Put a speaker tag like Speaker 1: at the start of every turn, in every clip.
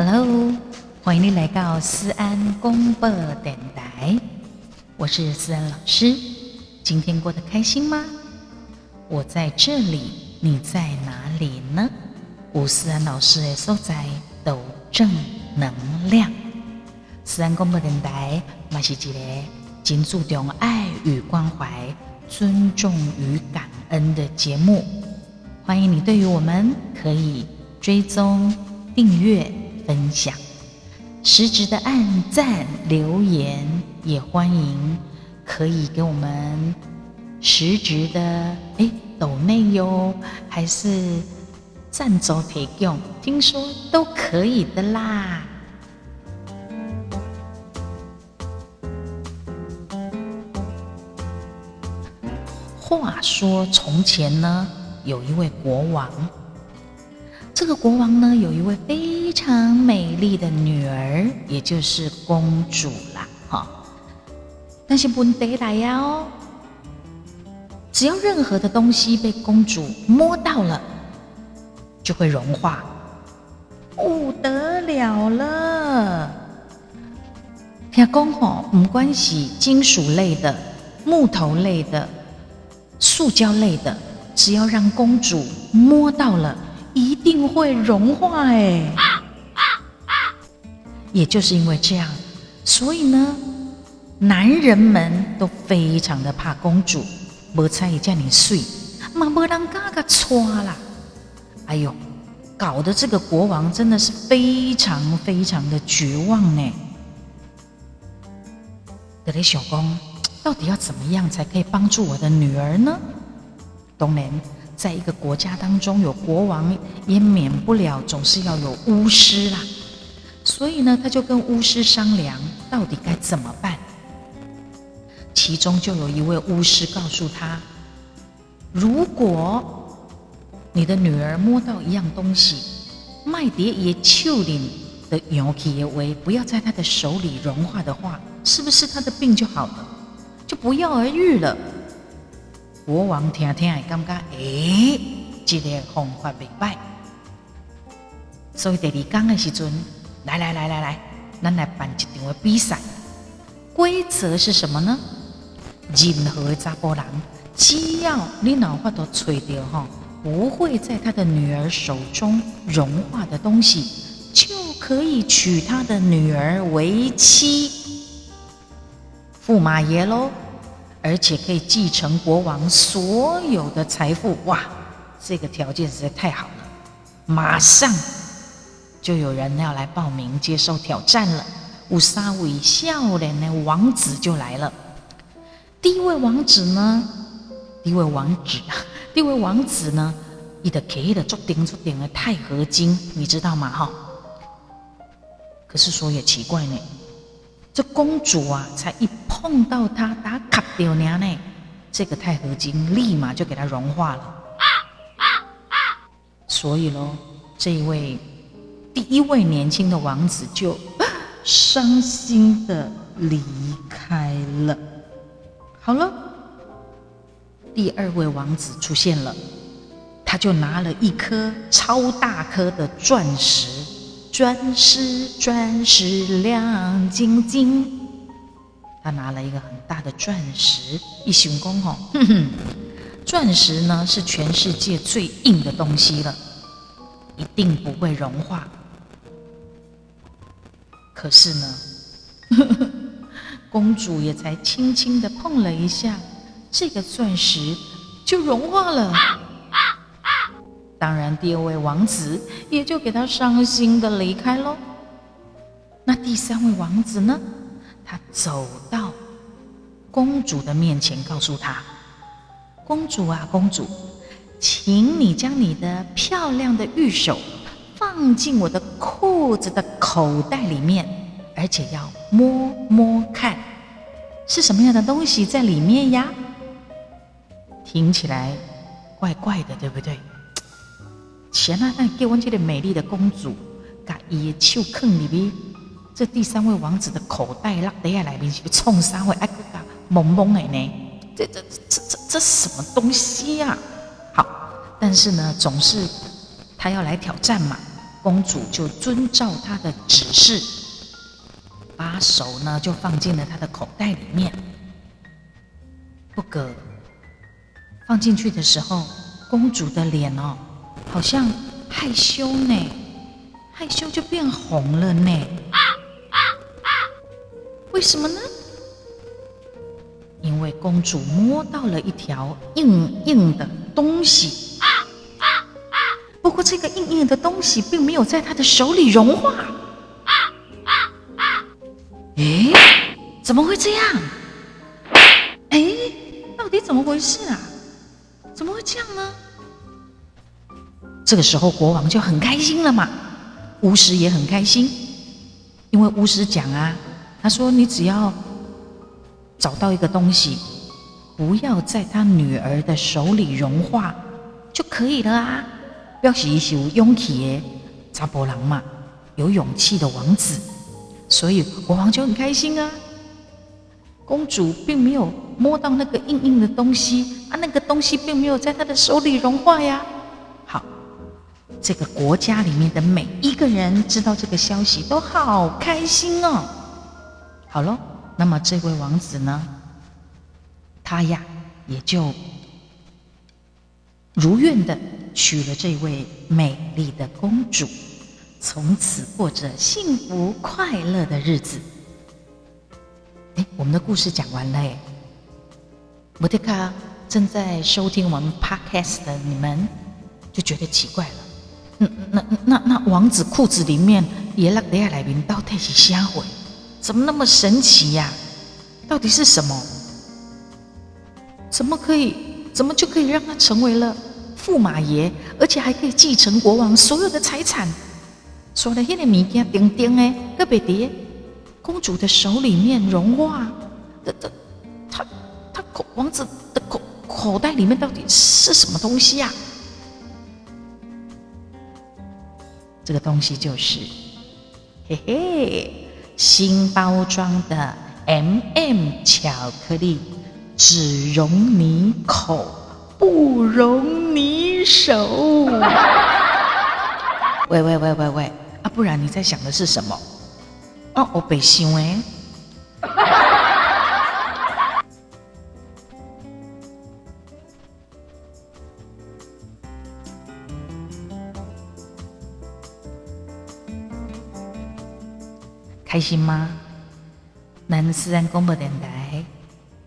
Speaker 1: Hello，歡迎你來到思安廣播電台，我是思安老師。今天過得開心嗎？我在這裡，你在哪裡呢？有思安老師的所在都正能量。思安廣播電台嘛是一個，很注重愛與關懷、尊重與感恩的節目。歡迎你，對於我們可以追蹤訂閱。分享實質的按讚留言也歡迎，可以給我們實質的哎抖內喲，還是贊助提供，聽說都可以的啦。話說從前呢，有一位國王，這個國王呢，有一位妃。非常美麗的女兒，也就是公主啦哈！但是不能被打壓哦。只要任何的東西被公主摸到了，就會融化，不得了了。聽講，吼，唔管是金屬類的、木頭類的、塑膠類的，只要讓公主摸到了，一定會融化，哎。也就是因為這樣，所以呢，男人們都非常的怕公主。我才叫你睡，嘛，不能嘎嘎戳了。哎呦，搞得這個國王真的是非常非常的絕望呢。德雷小公，到底要怎麼樣才可以幫助我的女兒呢？當然，在一個國家當中，有國王也免不了總是要有巫師啦。所以呢，他就跟巫師商量到底該怎麼辦。其中就有一位巫師告訴他：“如果你的女兒摸到一樣東西，麥蝶也求你的尤蹄也為不要在她的手裡融化的話，是不是她的病就好了，就不藥而愈了？”國王聽聽也感覺、欸，哎，這個方法袂歹。所以第二工的時陣。來來來來來，咱來,來,來,來辦一場的比賽。規則是什麼呢？任何嘅查甫人，只要你腦花都吹掉哈，不會在他的女兒手中融化的東西，就可以娶他的女兒為妻，駙馬爺咯。而且可以繼承國王所有的財富。哇，這個條件實在太好了，馬上！就有人要來報名接受挑戰了。有三位年輕的王子就來了。第一位王子呢，第一位王子，第一位王子，第一位王子呢，你的刻意的做點做點了鈦合金，你知道嗎？哈。可是說也奇怪呢，這公主啊，才一碰到他，打卡掉呢，這個鈦合金立馬就給他融化了。所以嘍，這一位。第一位年輕的王子就傷心的離開了。好了，第二位王子出現了，他就拿了一顆超大顆的鑽石，鑽石，鑽石，亮晶晶。他拿了一個很大的鑽石，一行功公，哼哼，鑽石呢是全世界最硬的東西了，一定不會融化。可是呢呵呵，公主也才輕輕的碰了一下，這個鑽石就融化了。啊啊、當然，第二位王子也就給他傷心的離開咯。那第三位王子呢？他走到公主的面前，告訴他：“公主啊，公主，請你將你的漂亮的玉手。”放進我的褲子的口袋裡面，而且要摸摸看，是什麼樣的東西在裡面呀？聽起來怪怪的，對不對？前啊，那給我這個美麗的公主，把伊的手放坑裡面。這第三位王子的口袋落等下來。裡面是要創啥貨？還佫搞毛毛的呢？這這這這這什麼東西呀、啊？好，但是呢，總是。他要來挑戰嘛？公主就遵照他的指示，把手呢就放進了他的口袋裡面，不可放進去的時候，公主的臉哦，好像害羞呢，害羞就變紅了呢。啊啊啊、為什麼呢？因為公主摸到了一條硬硬的東西。不過，這個硬硬的東西並沒有在他的手裡融化，欸。哎，怎麼會這樣？哎，欸，到底怎麼回事啊？怎麼會這樣呢？這個時候，國王就很開心了嘛。巫師也很開心，因為巫師講啊，他說你只要找到一個東西，不要在他女兒的手裡融化就可以了啊。表示是有勇氣的查甫人嘛，有勇氣的王子，所以國王就很開心啊。公主並沒有摸到那個硬硬的東西啊，那個東西並沒有在她的手裡融化呀、啊。好，這個國家裡面的每一個人知道這個消息都好開心哦。好咯，那麼這位王子呢，他呀也就如願的。娶了這位美麗的公主，從此過着幸福快樂的日子。哎，我們的故事講完了。哎，莫迪卡正在收聽我們 Podcast 的你們，就覺得奇怪了。那那那那王子褲子裡面也落底下裡面到底是啥貨？怎麼那麼神奇呀、啊？到底是什麼？怎麼可以？怎麼就可以讓他成為了？駙馬爺，而且還可以繼承國王所有的財產，說的你些物件，叮叮特擱白蝶公主的手裡面融化，這他他王子的口口袋裡面到底是什麼東西呀、啊？這個東西就是，嘿嘿，新包裝的 M、MM、M 巧克力，只溶你口。不容你手！喂喂喂喂喂啊！不然你在想的是什麼？哦、啊，我胡心、欸。喂 開心嗎？南斯蘭廣播電台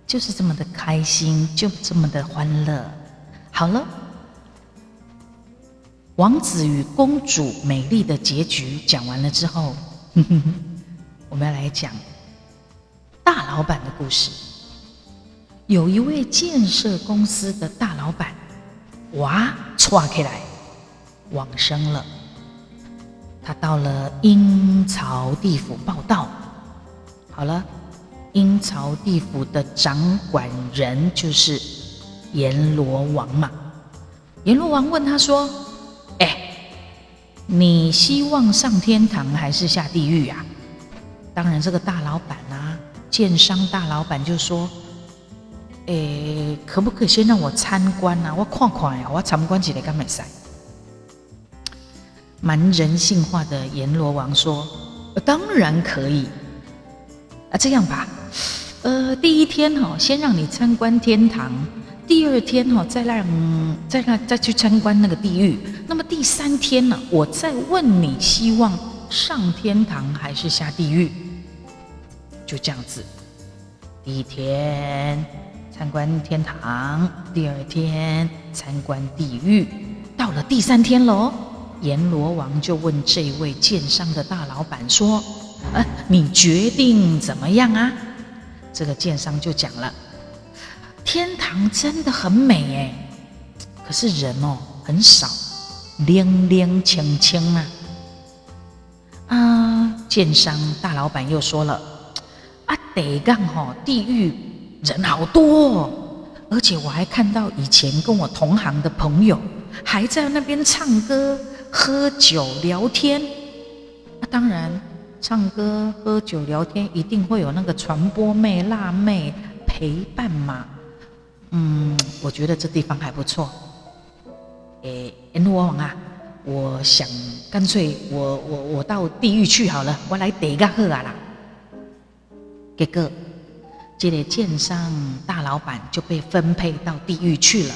Speaker 1: 就是這麼的開心，就這麼的歡樂。好了，王子與公主美麗的結局講完了之後，呵呵我們要來講大老板的故事。有一位建設公司的大老板，哇，歘開來往生了。他到了陰曹地府報到。好了，陰曹地府的掌管人就是。閻羅王嘛，閻羅王問他說：“哎、欸，你希望上天堂還是下地獄啊？”當然，這個大老闆啊，建商大老闆就說：“哎、欸，可不可以先讓我參觀啊？我看看呀、啊，我參觀起來幹嘛使。”蠻人性化的閻羅王說、呃：“當然可以啊，這樣吧，呃，第一天哈、哦，先讓你參觀天堂。”第二天哈，再讓再讓再去參觀那個地獄。那麼第三天呢、啊？我再問你，希望上天堂還是下地獄？就這樣子，第一天參觀天堂，第二天參觀地獄，到了第三天嘍，閻羅王就問這位建商的大老闆說、啊：“你決定怎麼樣啊？”這個建商就講了。天堂真的很美哎，可是人哦很少，冷冷清清啊。啊，建商大老板又說了啊，得幹吼，地獄人好多、哦，而且我還看到以前跟我同行的朋友還在那邊唱歌、喝酒、聊天。那、啊、當然，唱歌、喝酒、聊天一定會有那個傳播妹、辣妹陪伴嘛。嗯，我覺得這地方還不錯。誒，閻羅王啊，我想乾脆我我我到地獄去好了，我來得較喝啊啦。結果，這裡、個、建商大老板就被分配到地獄去了。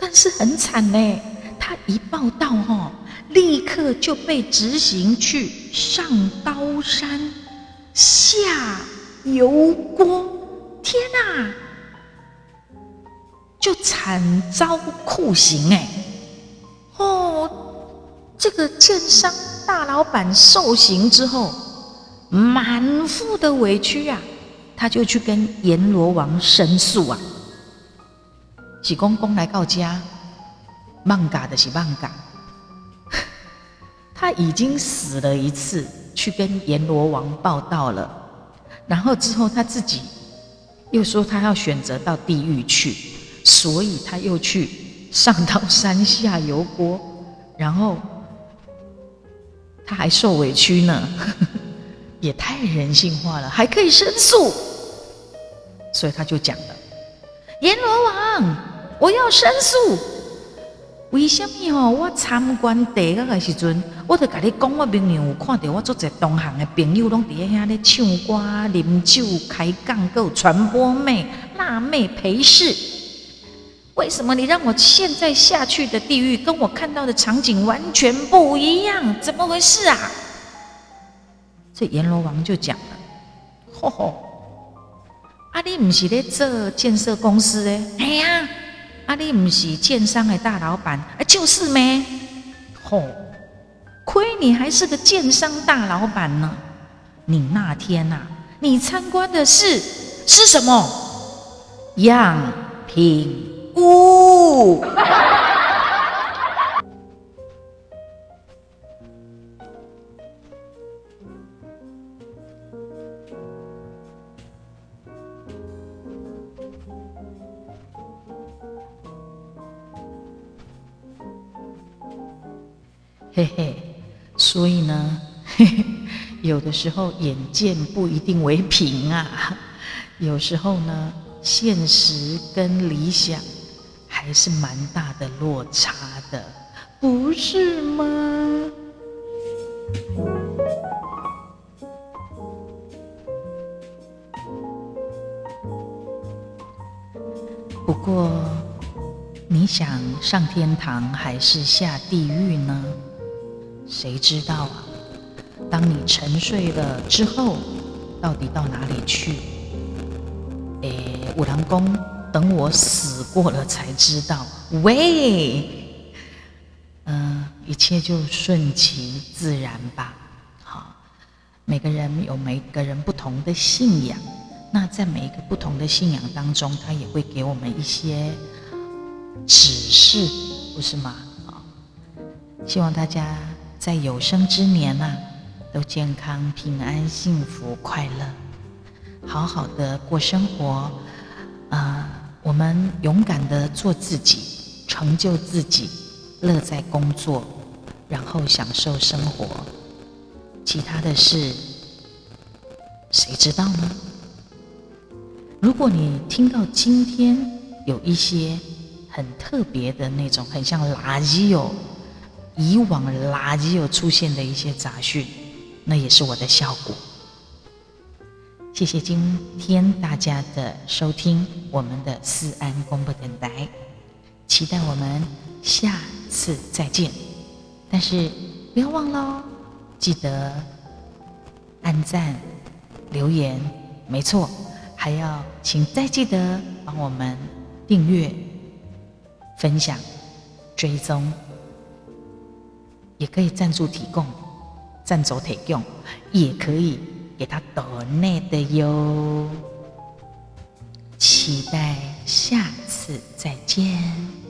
Speaker 1: 但是很慘呢，他一報到哈、哦，立刻就被執行去上刀山，下油鍋。天啊！就慘遭酷刑哎、欸！哦，這個奸商大老板受刑之後，滿腹的委屈啊，他就去跟閻羅王申訴啊。喜公公來告家，曼嘎的是慢嘎，他已經死了一次，去跟閻羅王報到了。然後之後他自己又說他要選擇到地獄去。所以他又去上到山下油鍋，然後他還受委屈呢？呵呵，也太人性化了，還可以申訴。所以他就講了：“閻羅王，我要申訴，為什麼吼？我參觀這個的時陣，我就跟你講，我明明有看到我做者同行的朋友攏在遐咧唱歌、飲酒、開槓、佮傳播妹、辣妹陪侍。”為什麼你讓我現在下去的地獄跟我看到的場景完全不一樣？怎麼回事啊？這閻羅王就講了：“吼吼，阿、啊、你唔是咧做建設公司咧？哎呀、啊，阿、啊、你唔是建商的大老闆？哎，就是咩？吼，虧你還是個建商大老闆呢！你那天啊，你參觀的是是什麼？樣品。”哦，嘿嘿，所以呢， 有的時候眼見不一定為憑啊，有時候呢，現實跟理想。還是蠻大的落差的，不是嗎？不過，你想上天堂還是下地獄呢？誰知道啊？當你沉睡了之後，到底到哪裡去？哎，五郎公。等我死過了才知道，喂，嗯，一切就順其自然吧。好，每個人有每個人不同的信仰，那在每一個不同的信仰當中，他也會給我們一些指示，不是嗎？好，希望大家在有生之年啊，都健康、平安、幸福、快樂，好好的過生活，啊。我們勇敢地做自己，成就自己，樂在工作，然後享受生活。其他的事，誰知道呢？如果你聽到今天有一些很特別的那種，很像垃圾友以往垃圾有出現的一些雜訊，那也是我的效果。謝謝今天大家的收聽，我們的思安公布等待期待我們下次再見。但是不要忘了哦，記得按讚、留言，沒錯，還要請再記得幫我們訂閱、分享、追蹤，也可以贊助提供，贊助提供也可以。給他抖內的喲，期待下次再見。